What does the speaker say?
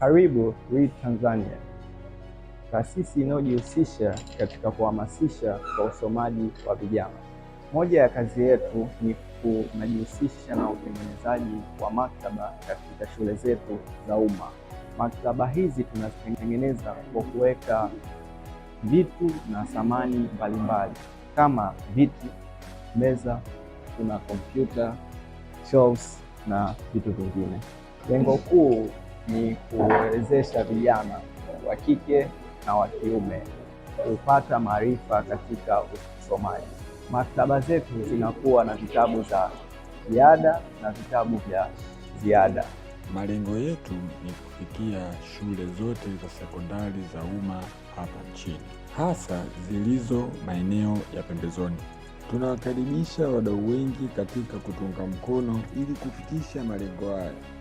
Karibu Read Tanzania, taasisi inayojihusisha katika kuhamasisha kwa usomaji wa vijana. Moja ya kazi yetu ni kunajihusisha na utengenezaji wa maktaba katika shule zetu za umma. Maktaba hizi tunazitengeneza kwa kuweka vitu na samani mbalimbali kama viti, meza, kuna kompyuta, shelves na vitu vingine. Lengo kuu ni kuwezesha vijana wa kike na wa kiume kupata maarifa katika usomaji. Maktaba zetu zinakuwa na vitabu za ziada na vitabu vya ziada. Malengo yetu ni kufikia shule zote za sekondari za umma hapa nchini, hasa zilizo maeneo ya pembezoni. Tunawakaribisha wadau wengi katika kutunga mkono ili kufikisha malengo haya.